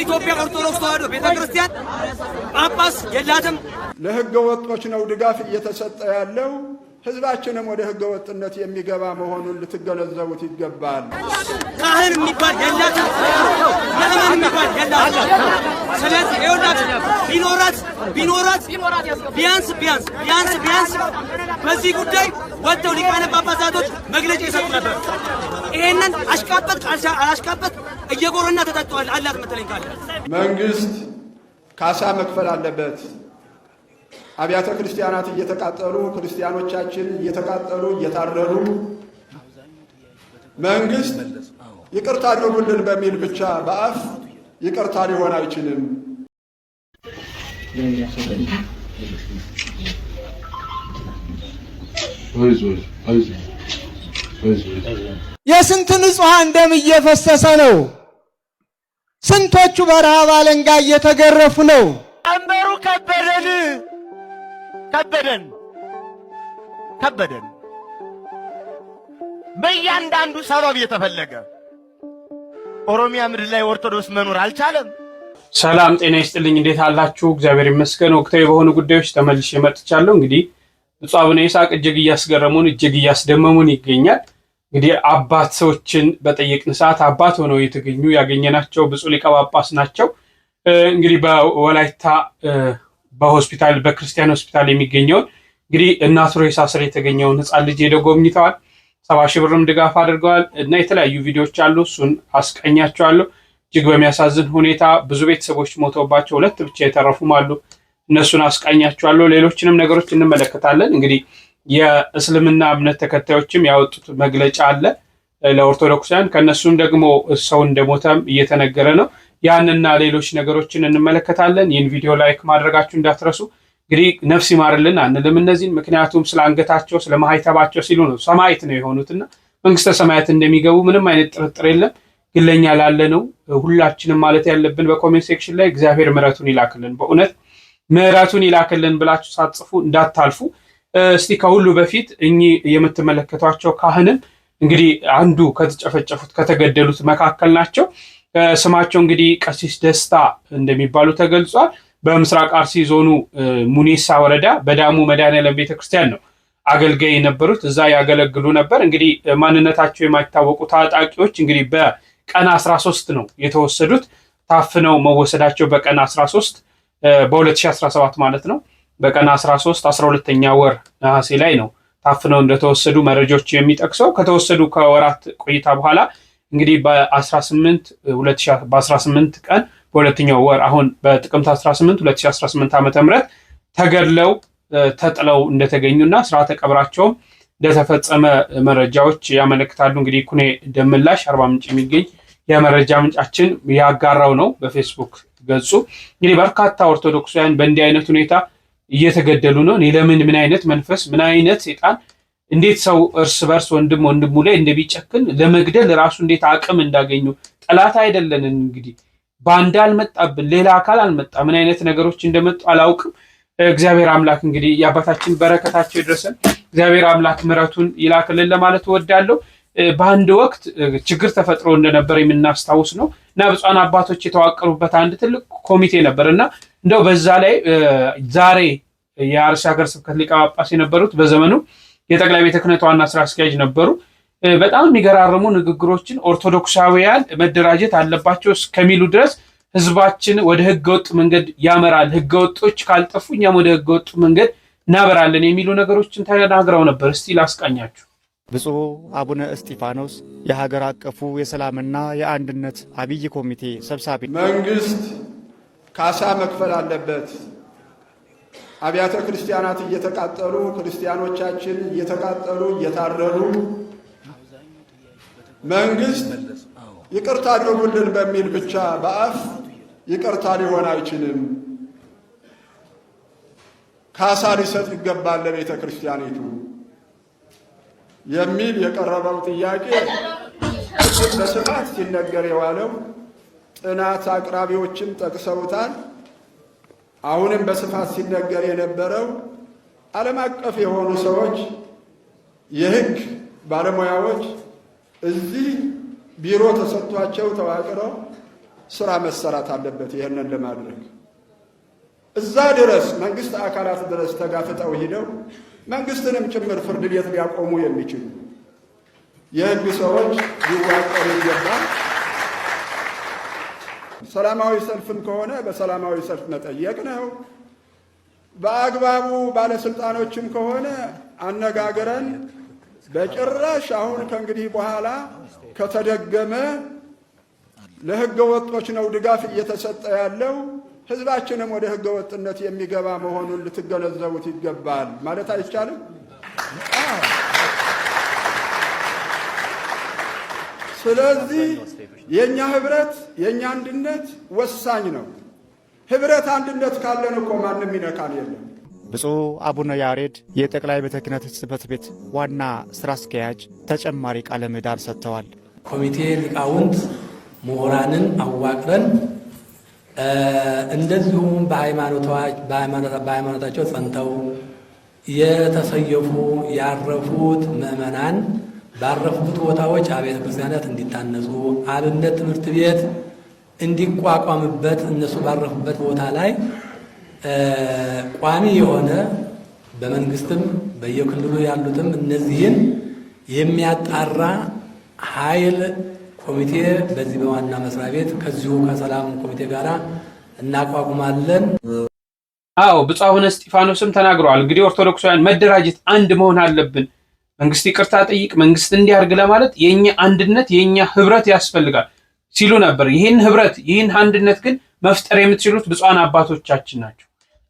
የኢትዮጵያ ኦርቶዶክስ ተዋህዶ ቤተክርስቲያን ክርስቲያን ጳጳስ የላትም። ለህገ ወጦች ነው ድጋፍ እየተሰጠ ያለው። ህዝባችንም ወደ ህገ ወጥነት የሚገባ መሆኑን ልትገነዘቡት ይገባል። ካህን የሚባል የላትም። ምእመን የሚባል የላትም። ስለዚህ ይኸውላችሁ ቢኖራት ቢኖራት ቢያንስ ቢያንስ ቢያንስ ቢያንስ በዚህ ጉዳይ ወጥተው ሊቃነ ጳጳሳቶች መግለጫ ይሰጡ ነበር። ይሄንን አሽቃበት አላሽቃበጥ እየጎረና ተጠጥቷል አላት መተለኝ ካለ መንግስት ካሳ መክፈል አለበት። አብያተ ክርስቲያናት እየተቃጠሉ ክርስቲያኖቻችን እየተቃጠሉ እየታረሉ መንግስት ይቅርታ አድርጉልን በሚል ብቻ በአፍ ይቅርታ ሊሆን አይችልም። የስንት ንጹሐን ደም እየፈሰሰ ነው። ስንቶቹ በረሃብ አለንጋ እየተገረፉ ነው። ቀንበሩ ከበደን ከበደን ከበደን በእያንዳንዱ ሰበብ የተፈለገ ኦሮሚያ ምድር ላይ ኦርቶዶክስ መኖር አልቻለም። ሰላም ጤና ይስጥልኝ። እንዴት አላችሁ? እግዚአብሔር ይመስገን። ወቅታዊ በሆኑ ጉዳዮች ተመልሼ መጥቻለሁ። እንግዲህ ብፁዕ አቡነ ይስሐቅ እጅግ እያስገረሙን እጅግ እያስደመሙን ይገኛል። እንግዲህ አባት ሰዎችን በጠየቅን ሰዓት አባት ሆነው የተገኙ ያገኘናቸው ብፁዕ ሊቀ ጳጳስ ናቸው። እንግዲህ በወላይታ በሆስፒታል በክርስቲያን ሆስፒታል የሚገኘውን እንግዲህ እናት ሮይሳ ስር የተገኘውን ህፃን ልጅ ሄደው ጎብኝተዋል። ሰባ ሺህ ብርም ድጋፍ አድርገዋል እና የተለያዩ ቪዲዮዎች አሉ። እሱን አስቀኛቸዋለሁ። እጅግ በሚያሳዝን ሁኔታ ብዙ ቤተሰቦች ሞተውባቸው ሁለት ብቻ የተረፉም አሉ። እነሱን አስቃኛቸዋለሁ። ሌሎችንም ነገሮች እንመለከታለን እንግዲህ የእስልምና እምነት ተከታዮችም ያወጡት መግለጫ አለ ለኦርቶዶክሳውያን። ከእነሱም ደግሞ ሰው እንደሞተም እየተነገረ ነው። ያንና ሌሎች ነገሮችን እንመለከታለን። ይህን ቪዲዮ ላይክ ማድረጋችሁ እንዳትረሱ። እንግዲህ ነፍስ ይማርልን አንልም እነዚህን፣ ምክንያቱም ስለ አንገታቸው ስለ ማህተባቸው ሲሉ ነው ሰማይት ነው የሆኑትና መንግስተ ሰማያት እንደሚገቡ ምንም አይነት ጥርጥር የለም። ግለኛ ላለ ነው ሁላችንም ማለት ያለብን በኮሜንት ሴክሽን ላይ እግዚአብሔር ምሕረቱን ይላክልን፣ በእውነት ምሕረቱን ይላክልን ብላችሁ ሳትጽፉ እንዳታልፉ። እስቲ ከሁሉ በፊት እኚህ የምትመለከቷቸው ካህንም እንግዲህ አንዱ ከተጨፈጨፉት ከተገደሉት መካከል ናቸው። ስማቸው እንግዲህ ቀሲስ ደስታ እንደሚባሉ ተገልጿል። በምስራቅ አርሲ ዞኑ ሙኔሳ ወረዳ በዳሙ መድኃኔዓለም ቤተክርስቲያን ነው አገልጋይ የነበሩት። እዛ ያገለግሉ ነበር። እንግዲህ ማንነታቸው የማይታወቁ ታጣቂዎች እንግዲህ በቀን 13 ነው የተወሰዱት። ታፍነው መወሰዳቸው በቀን 13 በ2017 ማለት ነው። በቀን 13 12ኛ ወር ነሐሴ ላይ ነው ታፍነው እንደተወሰዱ መረጃዎች የሚጠቅሰው። ከተወሰዱ ከወራት ቆይታ በኋላ እንግዲህ በ18 በ18 ቀን በሁለተኛው ወር አሁን በጥቅምት 18 2018 ዓ ም ተገድለው ተጥለው እንደተገኙና ስርዓተ ቀብራቸውም እንደተፈጸመ መረጃዎች ያመለክታሉ። እንግዲህ ኩኔ ደምላሽ አርባ ምንጭ የሚገኝ የመረጃ ምንጫችን ያጋራው ነው በፌስቡክ ገጹ። እንግዲህ በርካታ ኦርቶዶክሳውያን በእንዲህ አይነት ሁኔታ እየተገደሉ ነው። እኔ ለምን ምን አይነት መንፈስ ምን አይነት ሴጣን እንዴት ሰው እርስ በርስ ወንድም ወንድሙ ላይ እንደሚጨክን ለመግደል ራሱ እንዴት አቅም እንዳገኙ ጠላት አይደለንን እንግዲህ ባንዳ አልመጣብን፣ ሌላ አካል አልመጣ። ምን አይነት ነገሮች እንደመጡ አላውቅም። እግዚአብሔር አምላክ እንግዲህ የአባታችን በረከታቸው ይድረሰን። እግዚአብሔር አምላክ ምሕረቱን ይላክልን ለማለት እወዳለሁ። በአንድ ወቅት ችግር ተፈጥሮ እንደነበር የምናስታውስ ነው እና ብፁዓን አባቶች የተዋቀሩበት አንድ ትልቅ ኮሚቴ ነበር እና እንደው በዛ ላይ ዛሬ የአርሲ ሀገረ ስብከት ሊቀ ጳጳስ የነበሩት በዘመኑ የጠቅላይ ቤተ ክህነት ዋና ስራ አስኪያጅ ነበሩ። በጣም የሚገራርሙ ንግግሮችን ኦርቶዶክሳውያን መደራጀት አለባቸው እስከሚሉ ድረስ ህዝባችን ወደ ህገወጥ መንገድ ያመራል፣ ህገወጦች ካልጠፉ እኛም ወደ ህገወጡ መንገድ እናበራለን የሚሉ ነገሮችን ተናግረው ነበር። እስቲ ላስቃኛችሁ። ብፁዕ አቡነ እስጢፋኖስ የሀገር አቀፉ የሰላምና የአንድነት አብይ ኮሚቴ ሰብሳቢ፣ መንግስት ካሳ መክፈል አለበት። አብያተ ክርስቲያናት እየተቃጠሉ ክርስቲያኖቻችን እየተቃጠሉ እየታረሉ መንግስት ይቅርታ አድርጉልን በሚል ብቻ በአፍ ይቅርታ ሊሆን አይችልም። ካሳ ሊሰጥ ይገባል ለቤተ ክርስቲያኒቱ። የሚል የቀረበው ጥያቄ በስፋት ሲነገር የዋለው ጥናት አቅራቢዎችም ጠቅሰውታል። አሁንም በስፋት ሲነገር የነበረው ዓለም አቀፍ የሆኑ ሰዎች የሕግ ባለሙያዎች እዚህ ቢሮ ተሰጥቷቸው ተዋቅረው ስራ መሰራት አለበት። ይህንን ለማድረግ እዛ ድረስ መንግስት አካላት ድረስ ተጋፍጠው ሂደው መንግስትንም ጭምር ፍርድ ቤት ሊያቆሙ የሚችሉ የህግ ሰዎች ሊዋቀሩ ይገባል። ሰላማዊ ሰልፍም ከሆነ በሰላማዊ ሰልፍ መጠየቅ ነው። በአግባቡ ባለስልጣኖችም ከሆነ አነጋግረን በጭራሽ አሁን ከእንግዲህ በኋላ ከተደገመ ለህገ ወጦች ነው ድጋፍ እየተሰጠ ያለው ህዝባችንም ወደ ህገ ወጥነት የሚገባ መሆኑን ልትገነዘቡት ይገባል ማለት አይቻልም። ስለዚህ የእኛ ህብረት የእኛ አንድነት ወሳኝ ነው። ህብረት አንድነት ካለን እኮ ማንም ይነካል የለም። ብፁዕ አቡነ ያሬድ የጠቅላይ ቤተ ክህነት ጽሕፈት ቤት ዋና ሥራ አስኪያጅ ተጨማሪ ቃለ ምዕዳን ሰጥተዋል። ኮሚቴ ሊቃውንት ምሁራንን አዋቅረን እንደዚሁም በሃይማኖታቸው ጸንተው የተሰየፉ ያረፉት ምዕመናን ባረፉት ቦታዎች አብያተ ክርስቲያናት እንዲታነጹ አብነት ትምህርት ቤት እንዲቋቋምበት እነሱ ባረፉበት ቦታ ላይ ቋሚ የሆነ በመንግስትም በየክልሉ ያሉትም እነዚህን የሚያጣራ ኃይል ኮሚቴ በዚህ በዋና መስሪያ ቤት ከዚሁ ከሰላም ኮሚቴ ጋር እናቋቁማለን። አዎ ብፁዕ አቡነ እስጢፋኖስም ተናግረዋል። እንግዲህ ኦርቶዶክሳውያን መደራጀት፣ አንድ መሆን አለብን። መንግስት ይቅርታ ጠይቅ፣ መንግስት እንዲያርግ ለማለት የእኛ አንድነት የእኛ ህብረት ያስፈልጋል ሲሉ ነበር። ይህን ህብረት ይህን አንድነት ግን መፍጠር የምትችሉት ብፁዓን አባቶቻችን ናቸው።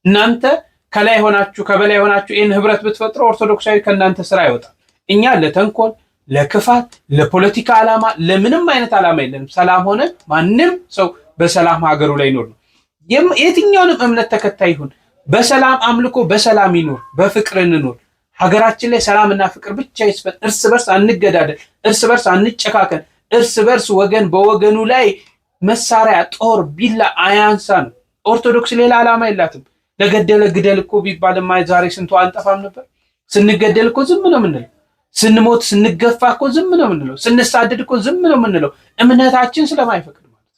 እናንተ ከላይ ሆናችሁ ከበላይ ሆናችሁ ይህን ህብረት ብትፈጥሩ ኦርቶዶክሳዊ ከእናንተ ስራ ይወጣል። እኛ ለተንኮል ለክፋት፣ ለፖለቲካ ዓላማ፣ ለምንም አይነት ዓላማ የለንም። ሰላም ሆነ ማንም ሰው በሰላም ሀገሩ ላይ ይኖር ነው። የትኛውንም እምነት ተከታይ ይሁን በሰላም አምልኮ፣ በሰላም ይኖር፣ በፍቅር እንኖር። ሀገራችን ላይ ሰላምና ፍቅር ብቻ ይስፈን። እርስ በርስ አንገዳደል፣ እርስ በርስ አንጨካከን፣ እርስ በርስ ወገን በወገኑ ላይ መሳሪያ ጦር፣ ቢላ አያንሳ ነው። ኦርቶዶክስ ሌላ ዓላማ የላትም። ለገደለ ግደል እኮ ቢባልማ ዛሬ ስንቱ አንጠፋም ነበር። ስንገደል እኮ ዝም ነው የምንለው። ስንሞት ስንገፋ እኮ ዝም ነው የምንለው። ስንሳደድ እኮ ዝም ነው የምንለው። እምነታችን ስለማይፈቅድ ማለት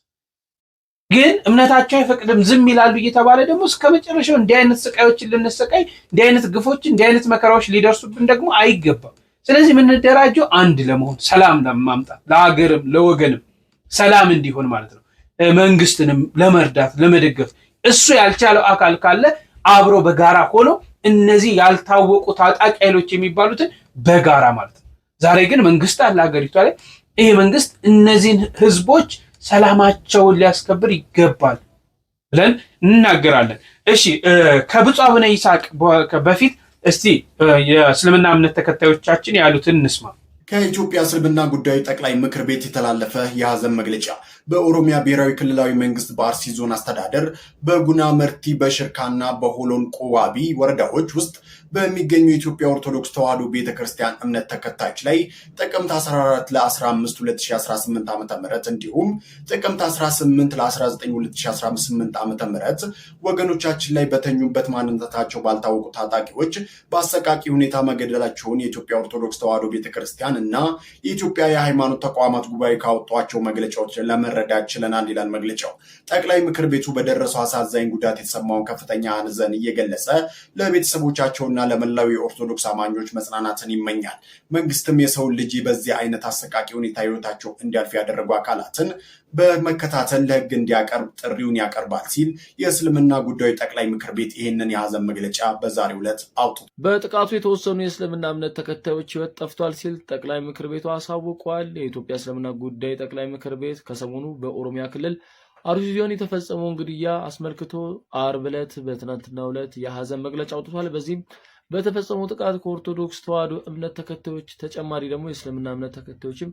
ግን እምነታቸው አይፈቅድም ዝም ይላሉ እየተባለ ደግሞ እስከ መጨረሻው እንዲህ አይነት ስቃዮችን ልንሰቃይ፣ እንዲህ አይነት ግፎች፣ እንዲህ አይነት መከራዎች ሊደርሱብን ደግሞ አይገባም። ስለዚህ የምንደራጀው አንድ ለመሆን ሰላም ለማምጣት ለሀገርም ለወገንም ሰላም እንዲሆን ማለት ነው። መንግስትንም ለመርዳት ለመደገፍ እሱ ያልቻለው አካል ካለ አብሮ በጋራ ሆነው እነዚህ ያልታወቁ ታጣቂ ኃይሎች የሚባሉትን በጋራ ማለት ነው። ዛሬ ግን መንግስት አለ ሀገሪቷ ላይ። ይሄ መንግስት እነዚህን ህዝቦች ሰላማቸውን ሊያስከብር ይገባል ብለን እንናገራለን። እሺ ከብፁዕ አቡነ ይስሐቅ በፊት እስቲ የእስልምና እምነት ተከታዮቻችን ያሉትን እንስማ። ከኢትዮጵያ እስልምና ጉዳዮች ጠቅላይ ምክር ቤት የተላለፈ የሀዘን መግለጫ በኦሮሚያ ብሔራዊ ክልላዊ መንግስት በአርሲ ዞን አስተዳደር በጉና መርቲ፣ በሽርካና በሆሎን ቆዋቢ ወረዳዎች ውስጥ በሚገኙ የኢትዮጵያ ኦርቶዶክስ ተዋህዶ ቤተክርስቲያን እምነት ተከታዮች ላይ ጥቅምት 14 ለ15 2018 ዓ ም እንዲሁም ጥቅምት 18 ለ19 2018 ዓ ም ወገኖቻችን ላይ በተኙበት ማንነታቸው ባልታወቁ ታጣቂዎች በአሰቃቂ ሁኔታ መገደላቸውን የኢትዮጵያ ኦርቶዶክስ ተዋህዶ ቤተክርስቲያን እና የኢትዮጵያ የሃይማኖት ተቋማት ጉባኤ ካወጧቸው መግለጫዎች ለመ መረዳት ችለናል ይላል መግለጫው። ጠቅላይ ምክር ቤቱ በደረሰው አሳዛኝ ጉዳት የተሰማውን ከፍተኛ ሐዘን እየገለጸ ለቤተሰቦቻቸውና ለመላው የኦርቶዶክስ አማኞች መጽናናትን ይመኛል። መንግስትም የሰውን ልጅ በዚህ አይነት አሰቃቂ ሁኔታ ህይወታቸው እንዲያልፍ ያደረጉ አካላትን በመከታተል ለህግ እንዲያቀርብ ጥሪውን ያቀርባል ሲል የእስልምና ጉዳዮች ጠቅላይ ምክር ቤት ይህንን የሀዘን መግለጫ በዛሬው ዕለት አውጡ። በጥቃቱ የተወሰኑ የእስልምና እምነት ተከታዮች ህይወት ጠፍቷል ሲል ጠቅላይ ምክር ቤቱ አሳውቋል። የኢትዮጵያ እስልምና ጉዳይ ጠቅላይ ምክር ቤት ከሰሞኑ በኦሮሚያ ክልል አርሲ ዞን የተፈጸመውን ግድያ አስመልክቶ አርብ ዕለት በትናንትናው ዕለት የሀዘን መግለጫ አውጥቷል። በዚህም በተፈጸመው ጥቃት ከኦርቶዶክስ ተዋሕዶ እምነት ተከታዮች ተጨማሪ ደግሞ የእስልምና እምነት ተከታዮችም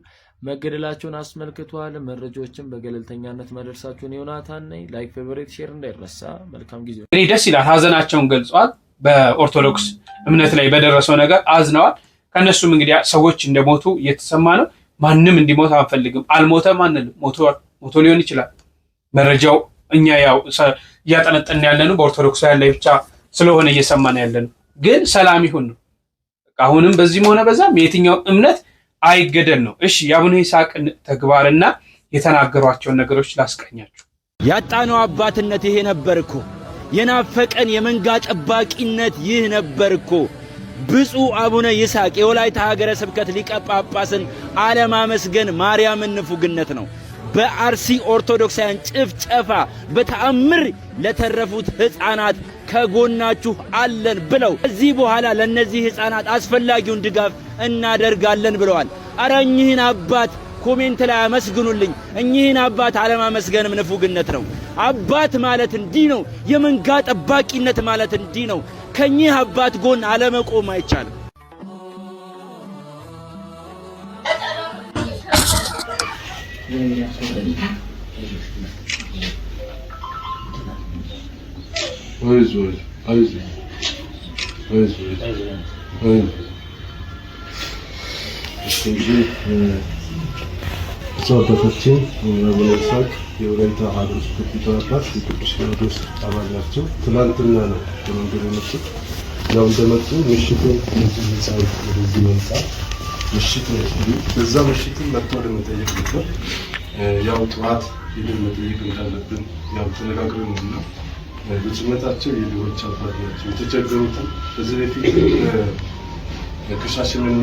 መገደላቸውን አስመልክቷል። መረጃዎችን በገለልተኛነት መደርሳቸውን ዮናታን ነኝ። ላይክ፣ ፌቨሬት፣ ሼር እንዳይረሳ። መልካም ጊዜ። እኔ ደስ ይላል። ሀዘናቸውን ገልጸዋል። በኦርቶዶክስ እምነት ላይ በደረሰው ነገር አዝነዋል። ከእነሱም እንግዲህ ሰዎች እንደሞቱ እየተሰማ ነው። ማንም እንዲሞት አንፈልግም። አልሞተም አንልም። ሞቶ ሊሆን ይችላል። መረጃው እኛ ያው እያጠነጠን ያለነው በኦርቶዶክስ ላይ ብቻ ስለሆነ እየሰማን ያለነው ግን ሰላም ይሁን ነው። አሁንም በዚህም ሆነ በዛም የትኛው እምነት አይገደል ነው። እሺ የአቡነ ይስሐቅን ተግባርና የተናገሯቸውን ነገሮች ላስቀኛችሁ። ያጣነው አባትነት ይሄ ነበር እኮ የናፈቀን የመንጋ ጠባቂነት ይህ ነበር እኮ። ብፁዕ አቡነ ይስሐቅ የወላይታ ሀገረ ስብከት ሊቀ ጳጳስን አለማመስገን ማርያምን ንፉግነት ነው። በአርሲ ኦርቶዶክሳውያን ጭፍጨፋ በተአምር ለተረፉት ሕፃናት ከጎናችሁ አለን ብለው ከዚህ በኋላ ለእነዚህ ሕፃናት አስፈላጊውን ድጋፍ እናደርጋለን ብለዋል። አረ እኚህን አባት ኮሜንት ላይ አመስግኑልኝ። እኚህን አባት አለማመስገንም ንፉግነት ነው። አባት ማለት እንዲህ ነው። የመንጋ ጠባቂነት ማለት እንዲህ ነው። ከኚህ አባት ጎን አለመቆም አይቻልም። አይዞህ አይዞህ አይዞህ አቡነ ይስሐቅ የወላይታ አሐዱ ሱባዔ ጳጳስ የቅዱስ ሲኖዶስ አባል ናቸው። ትናንትና ነው ከመንገድ የመጡት። ያው እንደመጡ ምሽቱን ህንፃው ወደዚህ ምሽት በዛ ምሽትን መጥቶ ለመጠየቅ ነበር። ያው ጠዋት ሄደን መጠየቅ እንዳለብን ያው ተነጋግረን ነውና በጭመታቸው የድሆች አባት ናቸው። የተቸገሩትን በዚህ በፊት ከሻሸመኔ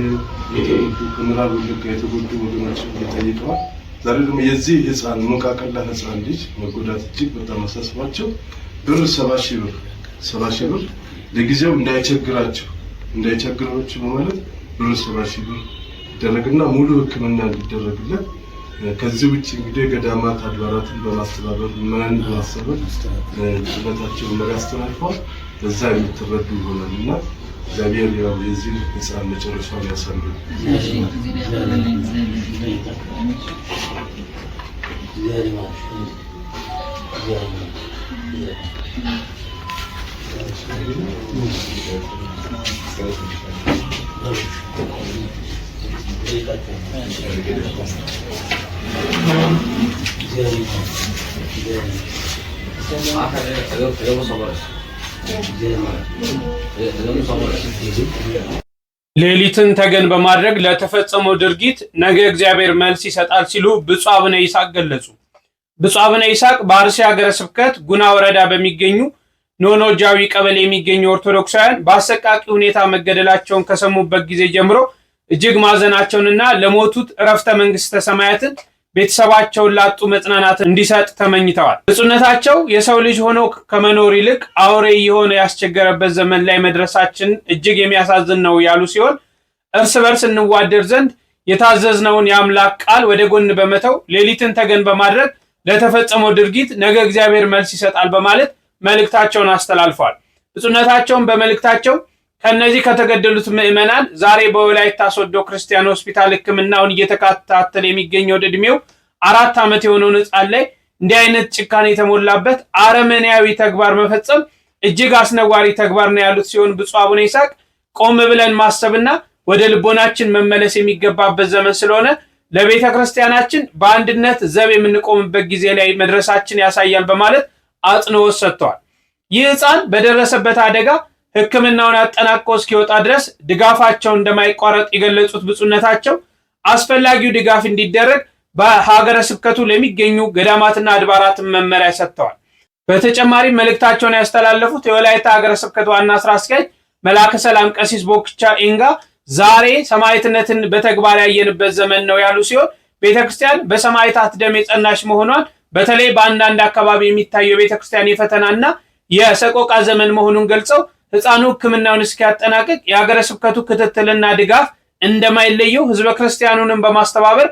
የተጎዱ ከምዕራብ ወለጋ የተጎዱ ወገኖችን እየጠይቀዋል። ዛሬ ደግሞ የዚህ ህፃን ሞቃቀላ ህፃን ልጅ መጎዳት እጅግ በጣም አሳስባቸው ብር ሰባ ሺህ ብር ሰባ ሺህ ብር ለጊዜው እንዳይቸግራቸው እንዳይቸግራቸው በማለት ብር ሰባ ሺህ ብር ይደረግና ሙሉ ሕክምና እንዲደረግለት ከዚህ ውጭ እንግዲህ ገዳማት አድባራትን በማስተባበር ምዕመናንን በማስተባበር ጭነታቸውን ነገር አስተላልፈዋል። በዛ የምትረዱ ይሆናል እና እግዚአብሔር ያው የዚህ ሕፃን መጨረሻ ያሳሉ። Thank ሌሊትን ተገን በማድረግ ለተፈጸመው ድርጊት ነገ እግዚአብሔር መልስ ይሰጣል ሲሉ ብፁዕ አቡነ ይስሐቅ ገለጹ። ብፁዕ አቡነ ይስሐቅ በአርሲ ሀገረ ስብከት ጉና ወረዳ በሚገኙ ኖኖጃዊ ቀበሌ የሚገኙ ኦርቶዶክሳውያን በአሰቃቂ ሁኔታ መገደላቸውን ከሰሙበት ጊዜ ጀምሮ እጅግ ማዘናቸውንና ለሞቱት እረፍተ መንግስተ ሰማያትን ቤተሰባቸውን ላጡ መጽናናት እንዲሰጥ ተመኝተዋል። ብፁዕነታቸው የሰው ልጅ ሆኖ ከመኖር ይልቅ አውሬ የሆነ ያስቸገረበት ዘመን ላይ መድረሳችን እጅግ የሚያሳዝን ነው ያሉ ሲሆን እርስ በርስ እንዋደር ዘንድ የታዘዝነውን የአምላክ ቃል ወደ ጎን በመተው ሌሊትን ተገን በማድረግ ለተፈጸመው ድርጊት ነገ እግዚአብሔር መልስ ይሰጣል በማለት መልእክታቸውን አስተላልፏል። ብፁዕነታቸውን በመልእክታቸው ከእነዚህ ከተገደሉት ምዕመናን ዛሬ በወላይታ ሶዶ ክርስቲያን ሆስፒታል ሕክምናውን እየተከታተለ የሚገኘው ወደ አራት ዓመት የሆነውን ህፃን ላይ እንዲህ አይነት ጭካኔ የተሞላበት አረመኔያዊ ተግባር መፈጸም እጅግ አስነዋሪ ተግባር ነው ያሉት ሲሆን ብፁዕ አቡነ ይስሐቅ ቆም ብለን ማሰብና ወደ ልቦናችን መመለስ የሚገባበት ዘመን ስለሆነ ለቤተ ክርስቲያናችን በአንድነት ዘብ የምንቆምበት ጊዜ ላይ መድረሳችን ያሳያል በማለት አጽንኦት ሰጥተዋል። ይህ ህፃን በደረሰበት አደጋ ሕክምናውን አጠናቆ እስኪወጣ ድረስ ድጋፋቸው እንደማይቋረጥ የገለጹት ብፁዕነታቸው አስፈላጊው ድጋፍ እንዲደረግ በሀገረ ስብከቱ ለሚገኙ ገዳማትና አድባራትን መመሪያ ሰጥተዋል። በተጨማሪም መልእክታቸውን ያስተላለፉት የወላይታ ሀገረ ስብከት ዋና ስራ አስኪያጅ መላከ ሰላም ቀሲስ ቦክቻ ኢንጋ ዛሬ ሰማዕትነትን በተግባር ያየንበት ዘመን ነው ያሉ ሲሆን ቤተ ክርስቲያን በሰማዕታት ደም የጸናች መሆኗን በተለይ በአንዳንድ አካባቢ የሚታየው ቤተ ክርስቲያን የፈተናና የሰቆቃ ዘመን መሆኑን ገልጸው ህፃኑ ህክምናውን እስኪያጠናቅቅ የሀገረ ስብከቱ ክትትልና ድጋፍ እንደማይለየው ህዝበ ክርስቲያኑንም በማስተባበር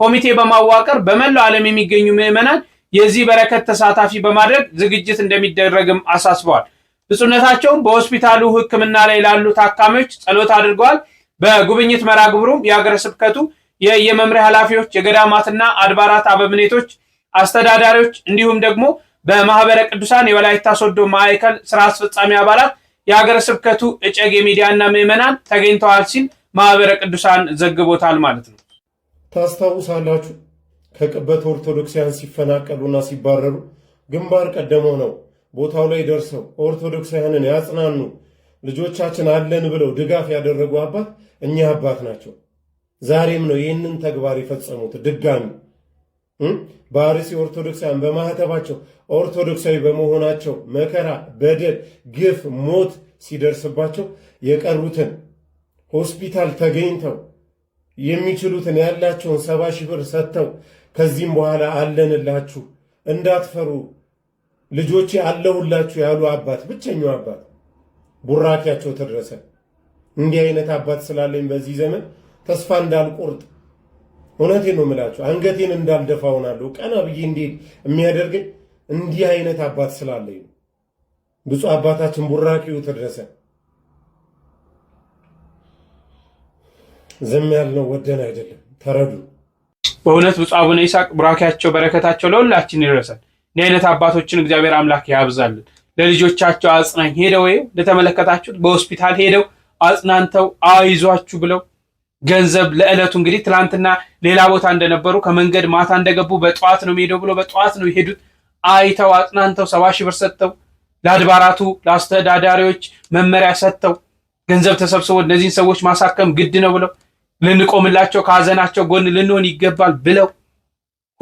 ኮሚቴ በማዋቀር በመላው ዓለም የሚገኙ ምዕመናን የዚህ በረከት ተሳታፊ በማድረግ ዝግጅት እንደሚደረግም አሳስበዋል። ብፁዕነታቸውም በሆስፒታሉ ህክምና ላይ ላሉ ታካሚዎች ጸሎት አድርገዋል። በጉብኝት መርሃ ግብሩም የሀገረ ስብከቱ የየመምሪያ ኃላፊዎች፣ የገዳማትና አድባራት አበምኔቶች፣ አስተዳዳሪዎች እንዲሁም ደግሞ በማህበረ ቅዱሳን የወላይታ ሶዶ ማዕከል ስራ አስፈጻሚ አባላት የሀገረ ስብከቱ እጨጌ ሚዲያና ምዕመናን ተገኝተዋል ሲል ማህበረ ቅዱሳን ዘግቦታል ማለት ነው። ታስታውሳላችሁ ከቅበት ኦርቶዶክሲያን ሲፈናቀሉና ሲባረሩ ግንባር ቀደመው ነው ቦታው ላይ ደርሰው ኦርቶዶክሳውያንን ያጽናኑ ልጆቻችን አለን ብለው ድጋፍ ያደረጉ አባት እኚህ አባት ናቸው። ዛሬም ነው ይህንን ተግባር የፈጸሙት ድጋሚ በአርሲ ኦርቶዶክሳውያን በማህተባቸው ኦርቶዶክሳዊ በመሆናቸው መከራ፣ በደል፣ ግፍ፣ ሞት ሲደርስባቸው የቀሩትን ሆስፒታል ተገኝተው የሚችሉትን ያላቸውን ሰባ ሺህ ብር ሰጥተው ከዚህም በኋላ አለንላችሁ እንዳትፈሩ ልጆቼ አለሁላችሁ ያሉ አባት ብቸኛው አባት ቡራኪያቸው ተደረሰ። እንዲህ አይነት አባት ስላለኝ በዚህ ዘመን ተስፋ እንዳልቆርጥ እውነቴን ነው የምላችሁ፣ አንገቴን እንዳልደፋ ሆናለሁ። ቀና ብዬ እንዴት የሚያደርገኝ እንዲህ አይነት አባት ስላለኝ ብፁዕ አባታችን ቡራኪው ተድረሰ ዝም ያልነው ወደን አይደለም፣ ተረዱ። በእውነት ብፁዕ አቡነ ይስሐቅ ቡራኪያቸው በረከታቸው ለሁላችን ይደረሰን እንዲህ አይነት አባቶችን እግዚአብሔር አምላክ ያብዛልን። ለልጆቻቸው አጽናኝ ሄደው ወይም እንደተመለከታችሁት በሆስፒታል ሄደው አጽናንተው አይዟችሁ ብለው ገንዘብ ለዕለቱ እንግዲህ ትናንትና ሌላ ቦታ እንደነበሩ ከመንገድ ማታ እንደገቡ በጠዋት ነው ሄደው ብሎ በጠዋት ነው የሄዱት። አይተው አጥናንተው ሰባ ሺህ ብር ሰጥተው ለአድባራቱ ለአስተዳዳሪዎች መመሪያ ሰጥተው ገንዘብ ተሰብስቦ እነዚህን ሰዎች ማሳከም ግድ ነው ብለው ልንቆምላቸው ከሀዘናቸው ጎን ልንሆን ይገባል ብለው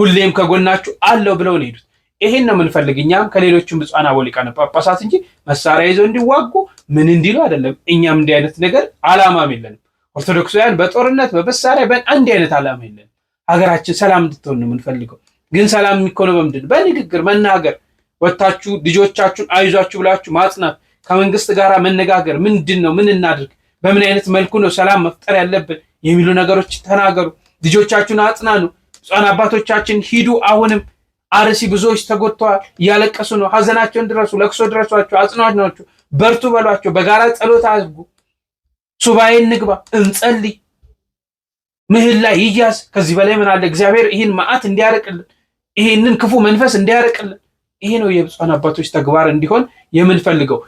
ሁሌም ከጎናችሁ አለው ብለው ነው ሄዱት። ይሄን ነው የምንፈልግ እኛም ከሌሎችም ብፁዓን አበው ሊቃነ ጳጳሳት እንጂ መሳሪያ ይዘው እንዲዋጉ ምን እንዲሉ አይደለም። እኛም እንዲህ አይነት ነገር አላማም የለንም። ኦርቶዶክሳውያን በጦርነት በመሳሪያ በአንድ አይነት ዓላማ የለን። ሀገራችን ሰላም እንድትሆን ነው የምንፈልገው። ግን ሰላም የሚኮነው በምንድን በንግግር መናገር፣ ወታችሁ ልጆቻችሁን አይዟችሁ ብላችሁ ማጽናት፣ ከመንግስት ጋር መነጋገር። ምንድን ነው ምን እናድርግ፣ በምን አይነት መልኩ ነው ሰላም መፍጠር ያለብን የሚሉ ነገሮች ተናገሩ። ልጆቻችሁን አጽናኑ። ሕፃን አባቶቻችን ሂዱ። አሁንም አርሲ ብዙዎች ተጎድተዋል፣ እያለቀሱ ነው። ሀዘናቸውን ድረሱ፣ ለቅሶ ድረሷቸው፣ አጽናኗቸው፣ በርቱ በሏቸው። በጋራ ጸሎት አድርጉ። ሱባኤ እንግባ፣ እንጸልይ፣ ምህላ ይያዝ። ከዚህ በላይ ምን አለ? እግዚአብሔር ይህን መዓት እንዲያርቅልን፣ ይህንን ክፉ መንፈስ እንዲያርቅልን። ይሄ ነው የብፁዓን አባቶች ተግባር እንዲሆን የምንፈልገው።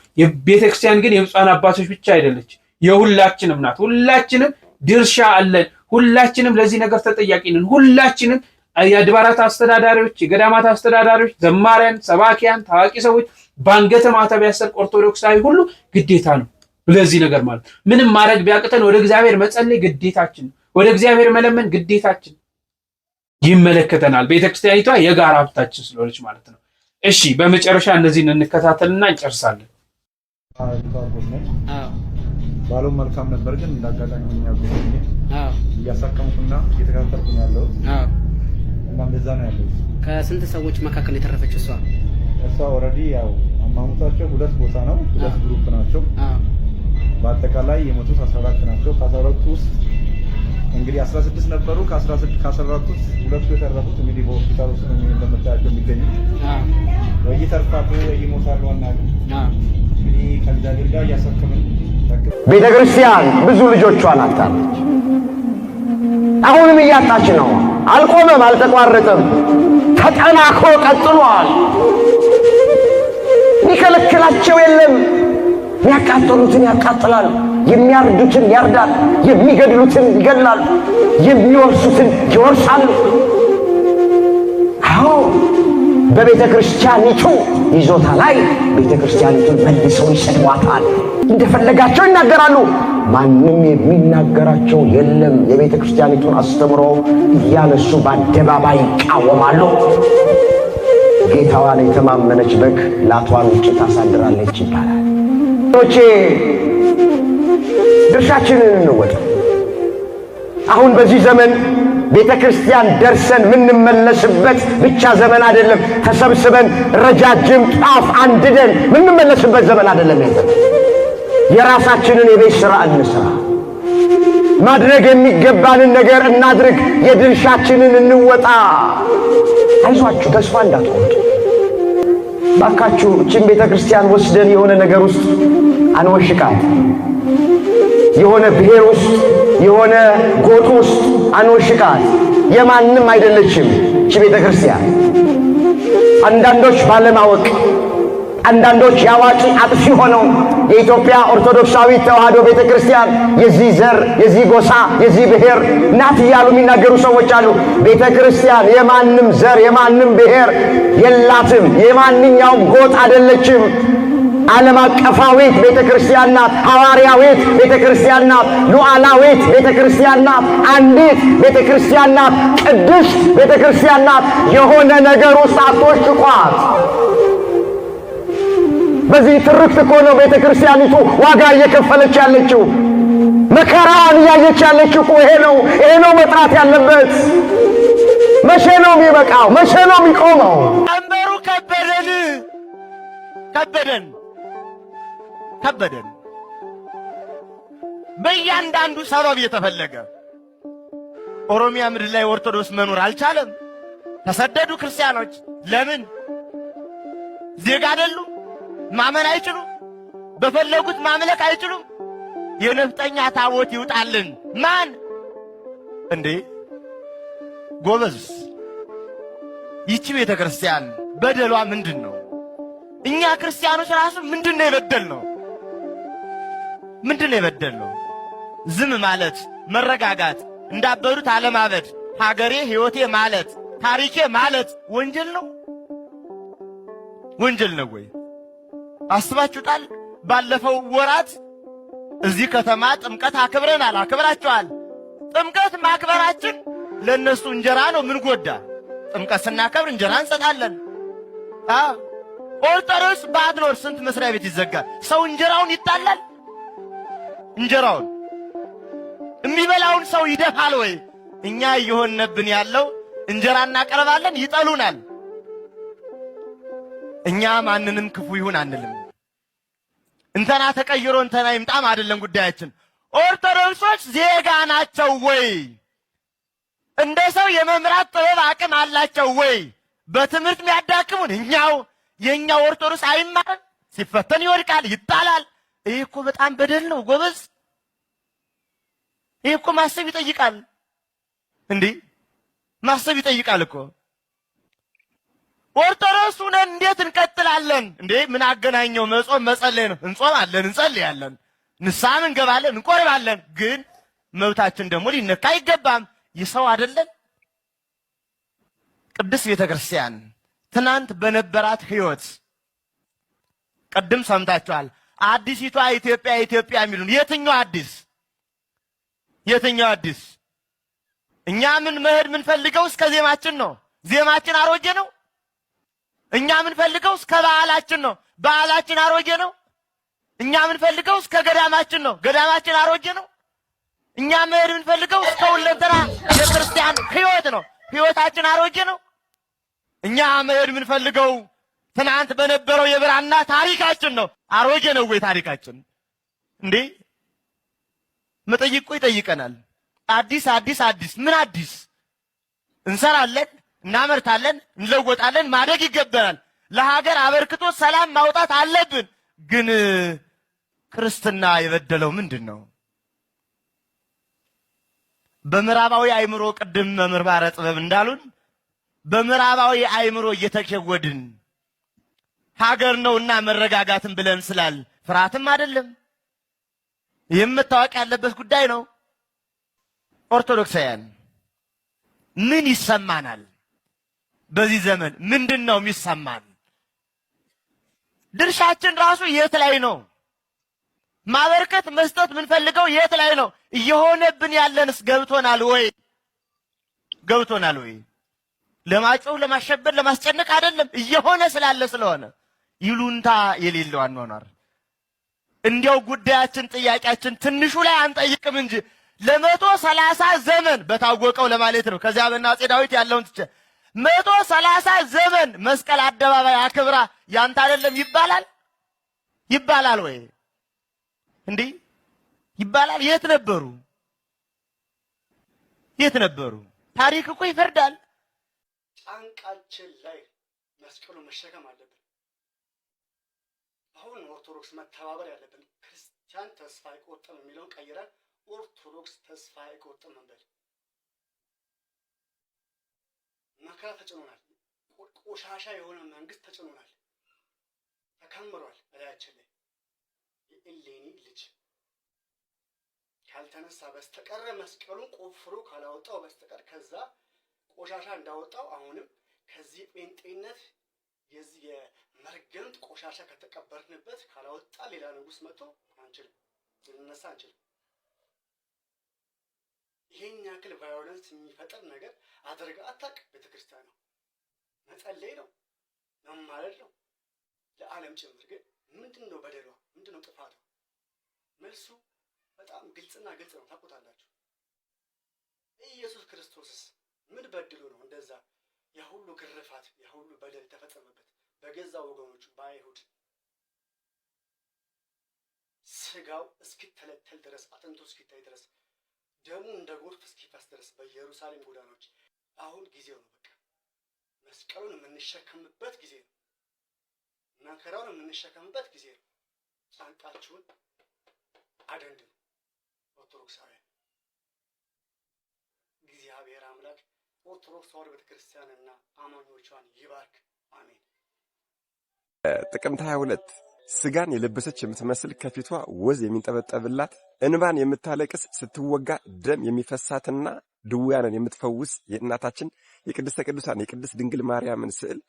ቤተክርስቲያን ግን የብፁዓን አባቶች ብቻ አይደለች፣ የሁላችንም ናት። ሁላችንም ድርሻ አለን። ሁላችንም ለዚህ ነገር ተጠያቂ ነን። ሁላችንም የአድባራት አስተዳዳሪዎች፣ የገዳማት አስተዳዳሪዎች፣ ዘማሪያን፣ ሰባኪያን፣ ታዋቂ ሰዎች በአንገተ ማተብ ያሰርቅ ኦርቶዶክሳዊ ሁሉ ግዴታ ነው ለዚህ ነገር ማለት ምንም ማድረግ ቢያቅተን ወደ እግዚአብሔር መጸለይ ግዴታችን፣ ወደ እግዚአብሔር መለመን ግዴታችን ይመለከተናል። ቤተክርስቲያኒቷ የጋራ ሀብታችን ስለሆነች ማለት ነው። እሺ በመጨረሻ እነዚህን እንከታተልና እንጨርሳለን። ባለው መልካም ነበር፣ ግን እንዳጋጣሚ ሆኛ እያሳከምኩና እየተከታተልኩ ያለሁት እና እንደዛ ነው ያለው። ከስንት ሰዎች መካከል የተረፈችው እሷ እሷ ኦልሬዲ ያው አማሙታቸው ሁለት ቦታ ነው፣ ሁለት ግሩፕ ናቸው በአጠቃላይ የሞቱት 14 ናቸው። ከ14 ውስጥ እንግዲህ 16 ነበሩ። ከ14 ውስጥ ሁለቱ የተረፉት እንግዲህ በሆስፒታል ውስጥ ነው እንደምታያቸው የሚገኙት። ወይ ተርፋሉ ወይ ይሞታሉ። አናውቅም። እንግዲህ ከእግዚአብሔር ጋር እያሰከምን ቤተ ክርስቲያን ብዙ ልጆቿን አጣለች። አሁንም እያጣች ነው። አልቆመም፣ አልተቋረጠም፣ ተጠናክሮ ቀጥሏል። ሊከለክላቸው የለም። ያቃጠሉትን ያቃጥላል፣ የሚያርዱትን ያርዳል፣ የሚገድሉትን ይገድላል፣ የሚወርሱትን ይወርሳሉ። አዎ በቤተ ክርስቲያኒቱ ይዞታ ላይ ቤተ ክርስቲያኒቱን መልሰው ይሰድዋታል። እንደፈለጋቸው ይናገራሉ። ማንም የሚናገራቸው የለም። የቤተ ክርስቲያኒቱን አስተምሮ እያነሱ በአደባባይ ይቃወማሉ። ጌታዋን የተማመነች በግ ላቷን ውጭ ታሳድራለች ይባላል። ቼ ድርሻችንን እንወጣ። አሁን በዚህ ዘመን ቤተ ክርስቲያን ደርሰን የምንመለስበት ብቻ ዘመን አይደለም። ተሰብስበን ረጃጅም ጧፍ አንድደን የምንመለስበት ዘመን አይደለም። የራሳችንን የቤት ሥራ እንስራ። ማድረግ የሚገባንን ነገር እናድርግ። የድርሻችንን እንወጣ። አይዟችሁ፣ ተስፋ እንዳትቆርጡ። ባካችሁ እችን ቤተ ክርስቲያን ወስደን የሆነ ነገር ውስጥ አንወሽቃት፣ የሆነ ብሔር ውስጥ የሆነ ጎጥ ውስጥ አንወሽቃት። የማንም አይደለችም እች ቤተ ክርስቲያን። አንዳንዶች ባለማወቅ አንዳንዶች የአዋቂ አጥፊ ሆነው የኢትዮጵያ ኦርቶዶክሳዊት ተዋሕዶ ቤተ ክርስቲያን የዚህ ዘር፣ የዚህ ጎሳ፣ የዚህ ብሔር ናት እያሉ የሚናገሩ ሰዎች አሉ። ቤተ ክርስቲያን የማንም ዘር የማንም ብሔር የላትም። የማንኛውም ጎጥ አይደለችም። ዓለም አቀፋዊት ቤተ ክርስቲያን ናት። ሐዋርያዊት ቤተ ክርስቲያን ናት። ሉዓላዊት ቤተ ክርስቲያን ናት። አንዲት ቤተ ክርስቲያን ናት። ቅድስት ቤተ ክርስቲያን ናት። የሆነ ነገር ውስጥ አትወሽቋት። በዚህ ትርክት እኮ ነው ቤተ ክርስቲያኒቱ ዋጋ እየከፈለች ያለችው፣ መከራዋን እያየች ያለችው እኮ ይሄ ነው። ይሄ ነው መጥራት ያለበት። መቼ ነው የሚበቃው? መቼ ነው የሚቆመው? አንበሩ ከበደን ከበደን ከበደን በእያንዳንዱ ሰበብ የተፈለገ ኦሮሚያ ምድር ላይ ኦርቶዶክስ መኖር አልቻለም። ተሰደዱ ክርስቲያኖች። ለምን ዜጋ አይደሉም? ማመን አይችሉም። በፈለጉት ማምለክ አይችሉም። የነፍጠኛ ታቦት ይውጣልን? ማን እንዴ ጎበዝ፣ ይቺ ቤተ ክርስቲያን በደሏ ምንድን ነው? እኛ ክርስቲያኖች ራሱ ምንድን ነው የበደል ነው? ምንድን ነው የበደል ነው? ዝም ማለት፣ መረጋጋት፣ እንዳበዱት አለማበድ፣ ሀገሬ ሕይወቴ ማለት ታሪኬ ማለት ወንጀል ነው? ወንጀል ነው ወይ? አስባችሁታል? ባለፈው ወራት እዚህ ከተማ ጥምቀት አክብረናል፣ አክብራችኋል። ጥምቀት ማክበራችን ለእነሱ እንጀራ ነው። ምን ጎዳ? ጥምቀት ስናከብር እንጀራ እንሰጣለን። ኦርቶዶክስ በአድኖር ስንት መስሪያ ቤት ይዘጋል? ሰው እንጀራውን ይጣላል። እንጀራውን የሚበላውን ሰው ይደፋል ወይ? እኛ እየሆነብን ያለው እንጀራ እናቀርባለን፣ ይጠሉናል። እኛ ማንንም ክፉ ይሁን አንልም። እንተና ተቀይሮ እንተና ይምጣም አይደለም ጉዳያችን። ኦርቶዶክሶች ዜጋ ናቸው ወይ? እንደ ሰው የመምራት ጥበብ አቅም አላቸው ወይ? በትምህርት የሚያዳክሙን እኛው የእኛው ኦርቶዶክስ አይማርም፣ ሲፈተን ይወድቃል፣ ይጣላል። ይህ እኮ በጣም በደል ነው ጎበዝ። ይህ እኮ ማሰብ ይጠይቃል። እንዲህ ማሰብ ይጠይቃል እኮ ኦርቶዶክስ ሁነን እንዴት እንቀጥላለን እንዴ? ምን አገናኘው? መጾም መጸለይ ነው። እንጾማለን፣ እንጸልያለን፣ ንስሐም እንገባለን፣ እንቆርባለን። ግን መብታችን ደግሞ ሊነካ አይገባም። ይሰው አይደለን። ቅድስት ቤተ ክርስቲያን ትናንት በነበራት ህይወት ቅድም ሰምታችኋል። አዲሲቷ ኢትዮጵያ ኢትዮጵያ የሚሉን የትኛው አዲስ የትኛው አዲስ? እኛ ምን መሄድ የምንፈልገው እስከ ዜማችን ነው። ዜማችን አሮጌ ነው። እኛ የምንፈልገው እስከ በዓላችን ነው። በዓላችን አሮጌ ነው። እኛ የምንፈልገው እስከ ገዳማችን ነው። ገዳማችን አሮጌ ነው። እኛ መሄድ የምንፈልገው እስከ ሁለንተና የክርስቲያን ሕይወት ነው። ሕይወታችን አሮጌ ነው። እኛ መሄድ የምንፈልገው ትናንት በነበረው የብራና ታሪካችን ነው። አሮጌ ነው ወይ ታሪካችን? እንዴ መጠይቆ ይጠይቀናል። አዲስ አዲስ አዲስ ምን አዲስ እንሰራለን እናመርታለን፣ እንለወጣለን፣ ማደግ ይገባናል። ለሀገር አበርክቶ ሰላም ማውጣት አለብን። ግን ክርስትና የበደለው ምንድን ነው? በምዕራባዊ አእምሮ ቅድም መምህረ ጥበብ እንዳሉን በምዕራባዊ አእምሮ እየተሸወድን ሀገር ነውና መረጋጋትን ብለን ስላል ፍርሃትም አይደለም የምታወቅ ያለበት ጉዳይ ነው። ኦርቶዶክሳውያን ምን ይሰማናል? በዚህ ዘመን ምንድን ነው የሚሰማን? ድርሻችን ራሱ የት ላይ ነው? ማበርከት መስጠት የምንፈልገው የት ላይ ነው? እየሆነብን ያለንስ ገብቶናል ወይ? ገብቶናል ወይ? ለማጮህ ለማሸበር፣ ለማስጨነቅ አይደለም፣ እየሆነ ስላለ ስለሆነ ይሉንታ የሌለው አኗኗር እንዲያው ጉዳያችን ጥያቄያችን ትንሹ ላይ አንጠይቅም እንጂ ለመቶ ሰላሳ ዘመን በታወቀው ለማለት ነው። ከዚያ በእነ ዳዊት ያለውን ትቼ መቶ ሰላሳ ዘመን መስቀል አደባባይ አክብራ ያንተ አይደለም ይባላል ይባላል ወይ እንዴ ይባላል የት ነበሩ የት ነበሩ ታሪክ እኮ ይፈርዳል ጫንቃችን ላይ መስቀሉ መሸከም አለብን አሁን ኦርቶዶክስ መተባበር ያለብን ክርስቲያን ተስፋ አይቆርጥም የሚለውን ቀይረን ኦርቶዶክስ ተስፋ አይቆርጥም እንበል መከራ ተጭኖናል። ቆሻሻ የሆነ መንግስት ተጭኖናል፣ ተከምሯል እላያችን ላይ የእሌኒ ልጅ ካልተነሳ በስተቀር መስቀሉን ቆፍሮ ካላወጣው በስተቀር ከዛ ቆሻሻ እንዳወጣው አሁንም ከዚህ ጴንጤነት የዚህ የመርገምት ቆሻሻ ከተቀበርንበት ካላወጣ ሌላ ንጉስ መጥቶ አንችልም፣ ልንነሳ አንችልም። ይሄን ያክል ቫዮለንስ የሚፈጥር ነገር አድርገ አታቅ። ቤተክርስቲያን ነው። መጸለይ ነው፣ መማለድ ነው ለዓለም ጭምር። ግን ምንድን ነው በደሏ? ምንድን ነው ጥፋቷ? መልሱ በጣም ግልጽና ግልጽ ነው። ታውቁታላችሁ። ኢየሱስ ክርስቶስስ ምን በድሎ ነው እንደዛ ያ ሁሉ ግርፋት፣ ያ ሁሉ በደል የተፈጸመበት በገዛ ወገኖቹ በአይሁድ ስጋው እስኪተለተል ድረስ አጥንቱ እስኪታይ ድረስ ደሙ እንደ ጎርፍ እስኪፈስ ድረስ በኢየሩሳሌም ጎዳናዎች። አሁን ጊዜው ነው። በቃ መስቀሉን የምንሸከምበት ጊዜ ነው። መከራውን የምንሸከምበት ጊዜ ነው። ጫንቃችሁን አደንድኑ ኦርቶዶክሳውያን። እግዚአብሔር አምላክ ኦርቶዶክስ ተዋሕዶ ቤተክርስቲያንና አማኞቿን ይባርክ። አሜን። ጥቅምት 22 ስጋን የለበሰች የምትመስል ከፊቷ ወዝ የሚንጠበጠብላት እንባን የምታለቅስ ስትወጋ ደም የሚፈሳትና ድውያንን የምትፈውስ የእናታችን የቅድስተ ቅዱሳን የቅድስት ድንግል ማርያምን ስዕል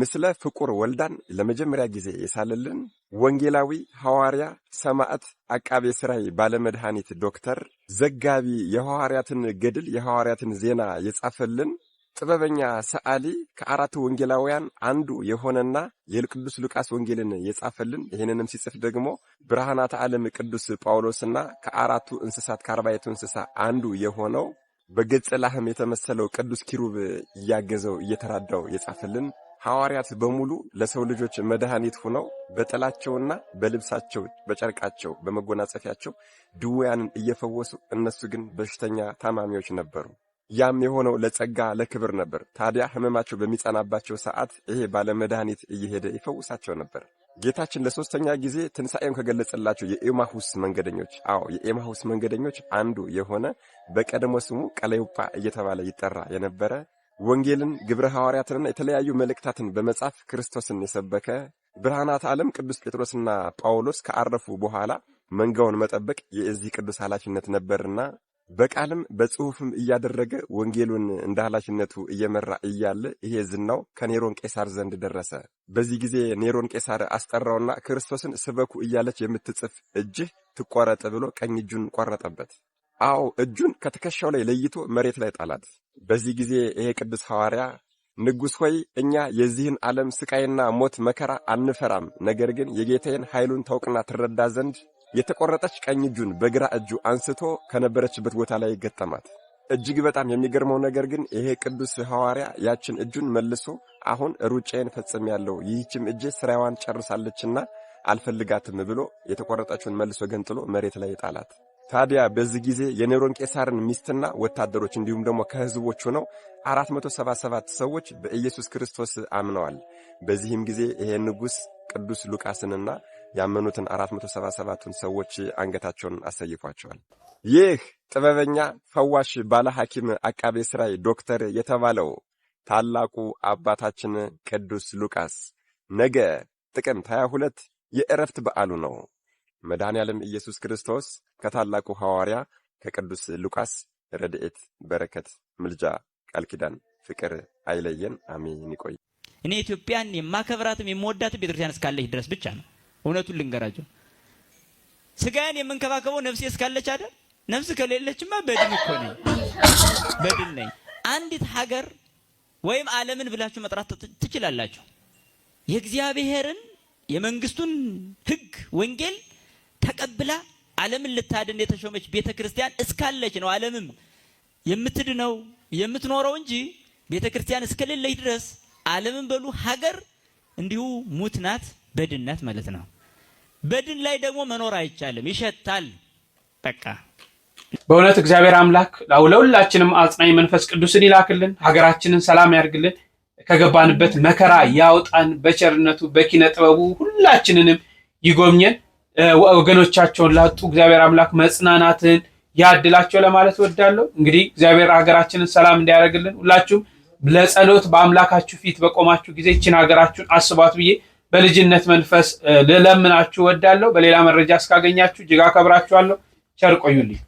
ምስለ ፍቁር ወልዳን ለመጀመሪያ ጊዜ የሳለልን ወንጌላዊ ሐዋርያ ሰማዕት አቃቤ ሥራይ ባለመድኃኒት ዶክተር ዘጋቢ የሐዋርያትን ገድል የሐዋርያትን ዜና የጻፈልን ጥበበኛ ሰዓሊ ከአራቱ ወንጌላውያን አንዱ የሆነና የቅዱስ ሉቃስ ወንጌልን የጻፈልን ይህንንም ሲጽፍ ደግሞ ብርሃናት ዓለም ቅዱስ ጳውሎስና ከአራቱ እንስሳት ከአርባዕቱ እንስሳ አንዱ የሆነው በገጸ ላህም የተመሰለው ቅዱስ ኪሩብ እያገዘው እየተራዳው የጻፈልን ሐዋርያት በሙሉ ለሰው ልጆች መድኃኒት ሆነው በጥላቸውና በልብሳቸው በጨርቃቸው በመጎናጸፊያቸው ድውያንን እየፈወሱ እነሱ ግን በሽተኛ ታማሚዎች ነበሩ። ያም የሆነው ለጸጋ ለክብር ነበር። ታዲያ ሕመማቸው በሚጸናባቸው ሰዓት ይሄ ባለመድኃኒት እየሄደ ይፈውሳቸው ነበር። ጌታችን ለሦስተኛ ጊዜ ትንሣኤውን ከገለጸላቸው የኤማሁስ መንገደኞች አዎ የኤማሁስ መንገደኞች አንዱ የሆነ በቀደሞ ስሙ ቀለዮጳ እየተባለ ይጠራ የነበረ ወንጌልን ግብረ ሐዋርያትንና የተለያዩ መልእክታትን በመጻፍ ክርስቶስን የሰበከ ብርሃናት ዓለም ቅዱስ ጴጥሮስና ጳውሎስ ከአረፉ በኋላ መንጋውን መጠበቅ የዚህ ቅዱስ ኃላፊነት ነበርና በቃልም በጽሁፍም እያደረገ ወንጌሉን እንደ ኃላፊነቱ እየመራ እያለ ይሄ ዝናው ከኔሮን ቄሳር ዘንድ ደረሰ። በዚህ ጊዜ ኔሮን ቄሳር አስጠራውና ክርስቶስን ስበኩ እያለች የምትጽፍ እጅህ ትቆረጥ ብሎ ቀኝ እጁን ቆረጠበት። አዎ እጁን ከትከሻው ላይ ለይቶ መሬት ላይ ጣላት። በዚህ ጊዜ ይሄ ቅዱስ ሐዋርያ ንጉሥ ሆይ እኛ የዚህን ዓለም ሥቃይና ሞት መከራ አንፈራም፣ ነገር ግን የጌታዬን ኃይሉን ታውቅና ትረዳ ዘንድ የተቆረጠች ቀኝ እጁን በግራ እጁ አንስቶ ከነበረችበት ቦታ ላይ ገጠማት። እጅግ በጣም የሚገርመው ነገር ግን ይሄ ቅዱስ ሐዋርያ ያችን እጁን መልሶ አሁን ሩጫዬን ያለው ይህችም እጄ ስራዋን ጨርሳለችና አልፈልጋትም ብሎ የተቆረጠችውን መልሶ ገንጥሎ መሬት ላይ ጣላት። ታዲያ በዚህ ጊዜ የኔሮን ቄሳርን ሚስትና ወታደሮች እንዲሁም ደግሞ ከሕዝቦች ሆነው 477 ሰዎች በኢየሱስ ክርስቶስ አምነዋል። በዚህም ጊዜ ይሄ ንጉሥ ቅዱስ ሉቃስንና ያመኑትን 477ቱን ሰዎች አንገታቸውን አሰይፏቸዋል። ይህ ጥበበኛ ፈዋሽ ባለ ሐኪም አቃቤ ሥራይ ዶክተር የተባለው ታላቁ አባታችን ቅዱስ ሉቃስ ነገ ጥቅምት 22 የእረፍት በዓሉ ነው። መድኃኔ ኢየሱስ ክርስቶስ ከታላቁ ሐዋርያ ከቅዱስ ሉቃስ ረድኤት፣ በረከት፣ ምልጃ፣ ቃል ኪዳን፣ ፍቅር አይለየን። አሜን። ይቆይ። እኔ ኢትዮጵያን የማከብራትም የምወዳትም ቤተክርስቲያን እስካለች ድረስ ብቻ ነው። እውነቱን ልንገራቸው። ስጋዬን የምንከባከበው ነፍሴ እስካለች አይደል? ነፍስ ከሌለችማ በድን እኮ ነኝ፣ በድን ነኝ። አንዲት ሀገር ወይም ዓለምን ብላችሁ መጥራት ትችላላችሁ። የእግዚአብሔርን የመንግስቱን ህግ ወንጌል ተቀብላ ዓለምን ልታድን የተሾመች ቤተ ክርስቲያን እስካለች ነው ዓለምም የምትድነው የምትኖረው እንጂ ቤተ ክርስቲያን እስከሌለች ድረስ ዓለምን በሉ ሀገር እንዲሁ ሙት ናት። በድነት ማለት ነው። በድን ላይ ደግሞ መኖር አይቻልም፣ ይሸታል። በቃ በእውነት እግዚአብሔር አምላክ ለሁላችንም አጽናኝ መንፈስ ቅዱስን ይላክልን፣ ሀገራችንን ሰላም ያርግልን፣ ከገባንበት መከራ ያውጣን፣ በቸርነቱ በኪነ ጥበቡ ሁላችንንም ይጎብኘን። ወገኖቻቸውን ላጡ እግዚአብሔር አምላክ መጽናናትን ያድላቸው ለማለት ወዳለሁ። እንግዲህ እግዚአብሔር ሀገራችንን ሰላም እንዲያደርግልን ሁላችሁም ለጸሎት በአምላካችሁ ፊት በቆማችሁ ጊዜ ይችን ሀገራችሁን አስቧት ብዬ በልጅነት መንፈስ ልለምናችሁ ወዳለሁ። በሌላ መረጃ እስካገኛችሁ እጅግ አከብራችኋለሁ። ቸር ቆዩልኝ።